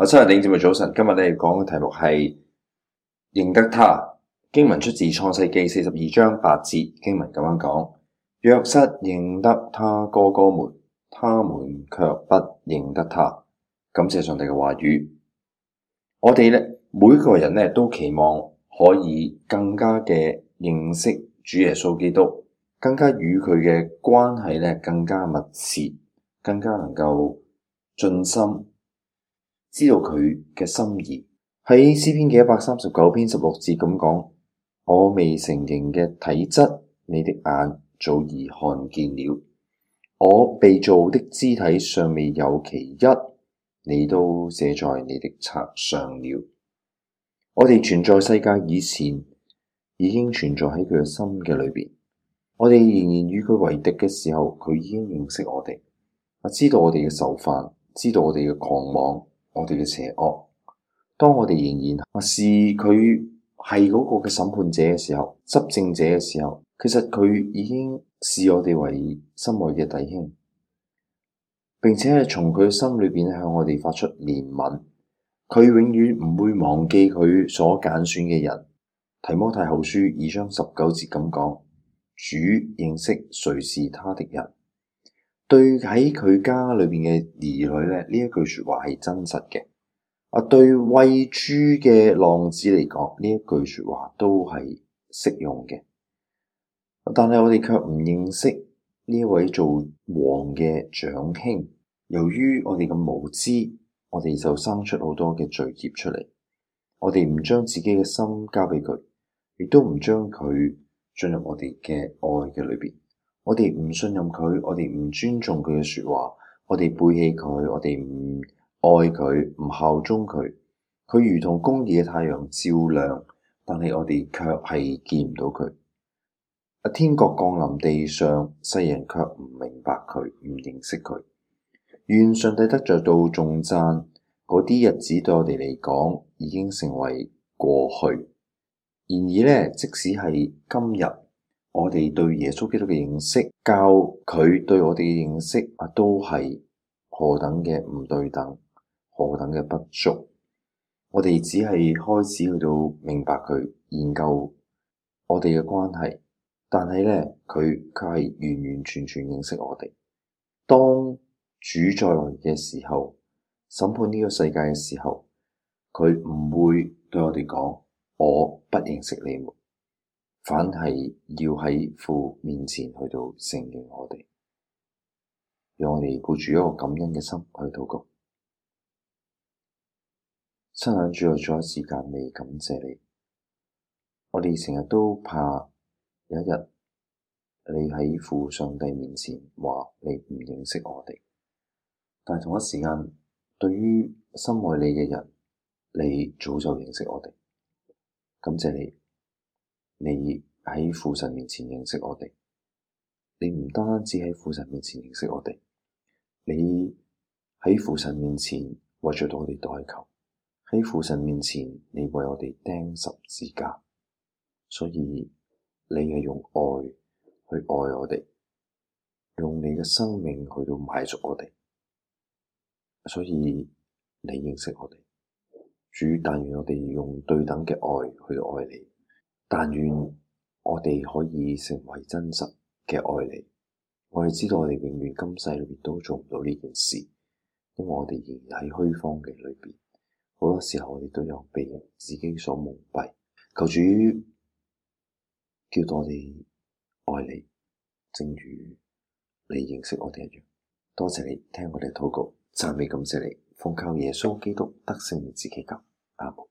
我七日領節目早晨，今日咧講嘅題目係認得他，經文出自創世記四十二章八節，經文咁樣講：約瑟認得他哥哥們，他們卻不認得他。感謝上帝嘅話語，我哋咧每一個人咧都期望可以更加嘅認識主耶穌基督，更加與佢嘅關係咧更加密切，更加能夠盡心。知道佢嘅心意，喺詩篇嘅一百三十九篇十六節咁講：我未成形嘅體質，你的眼早已看見了；我被造的肢體尚未有其一，你都寫在你的冊上了。我哋存在世界以前，已經存在喺佢嘅心嘅裏邊。我哋仍然與佢為敵嘅時候，佢已經認識我哋，啊，知道我哋嘅愁煩，知道我哋嘅狂妄。我哋嘅邪惡，當我哋仍然視佢係嗰個嘅審判者嘅時候，執政者嘅時候，其實佢已經視我哋為心愛嘅弟兄，並且係從佢心裏邊向我哋發出憐憫。佢永遠唔會忘記佢所揀選嘅人。提摩太後書二章十九節咁講：主認識誰是他的人。對喺佢家裏邊嘅兒女咧，呢一句說話係真實嘅。啊，對餵豬嘅浪子嚟講，呢一句說話都係適用嘅。但係我哋卻唔認識呢位做王嘅長兄。由於我哋咁無知，我哋就生出好多嘅罪孽出嚟。我哋唔將自己嘅心交俾佢，亦都唔將佢進入我哋嘅愛嘅裏邊。我哋唔信任佢，我哋唔尊重佢嘅說話，我哋背棄佢，我哋唔愛佢，唔效忠佢。佢如同公義嘅太陽照亮，但係我哋卻係見唔到佢。天國降臨地上，世人卻唔明白佢，唔認識佢。願上帝得着頌讚，嗰啲日子對我哋嚟講已經成為過去。然而咧，即使係今日。我哋對耶穌基督嘅認識，較佢對我哋嘅認識啊，都係何等嘅唔對等，何等嘅不足。我哋只係開始去到明白佢，研究我哋嘅關係，但係呢，佢佢係完完全全認識我哋。當主再來嘅時候，審判呢個世界嘅時候，佢唔會對我哋講：我不認識你們。反係要喺父面前去到承認我哋，讓我哋抱住一個感恩嘅心去禱告。親眼注意到咗時間未感謝你，我哋成日都怕有一日你喺父上帝面前話你唔認識我哋，但係同一時間對於深愛你嘅人，你早就認識我哋，感謝你。你喺父神面前認識我哋，你唔單止喺父神面前認識我哋，你喺父神面前為咗我哋代求，喺父神面前你為我哋釘十字架，所以你係用愛去愛我哋，用你嘅生命去到買贖我哋，所以你認識我哋，主，但願我哋用對等嘅愛去愛你。但願我哋可以成為真實嘅愛你。我哋知道我哋永遠今世裏邊都做唔到呢件事，因為我哋仍然喺虛方嘅裏邊。好多時候我哋都有被人自己所蒙蔽。求主叫我哋愛你，正如你認識我哋一樣。多謝你聽我哋禱告，讚美感謝你，奉靠耶穌基督得勝自己。咁阿門。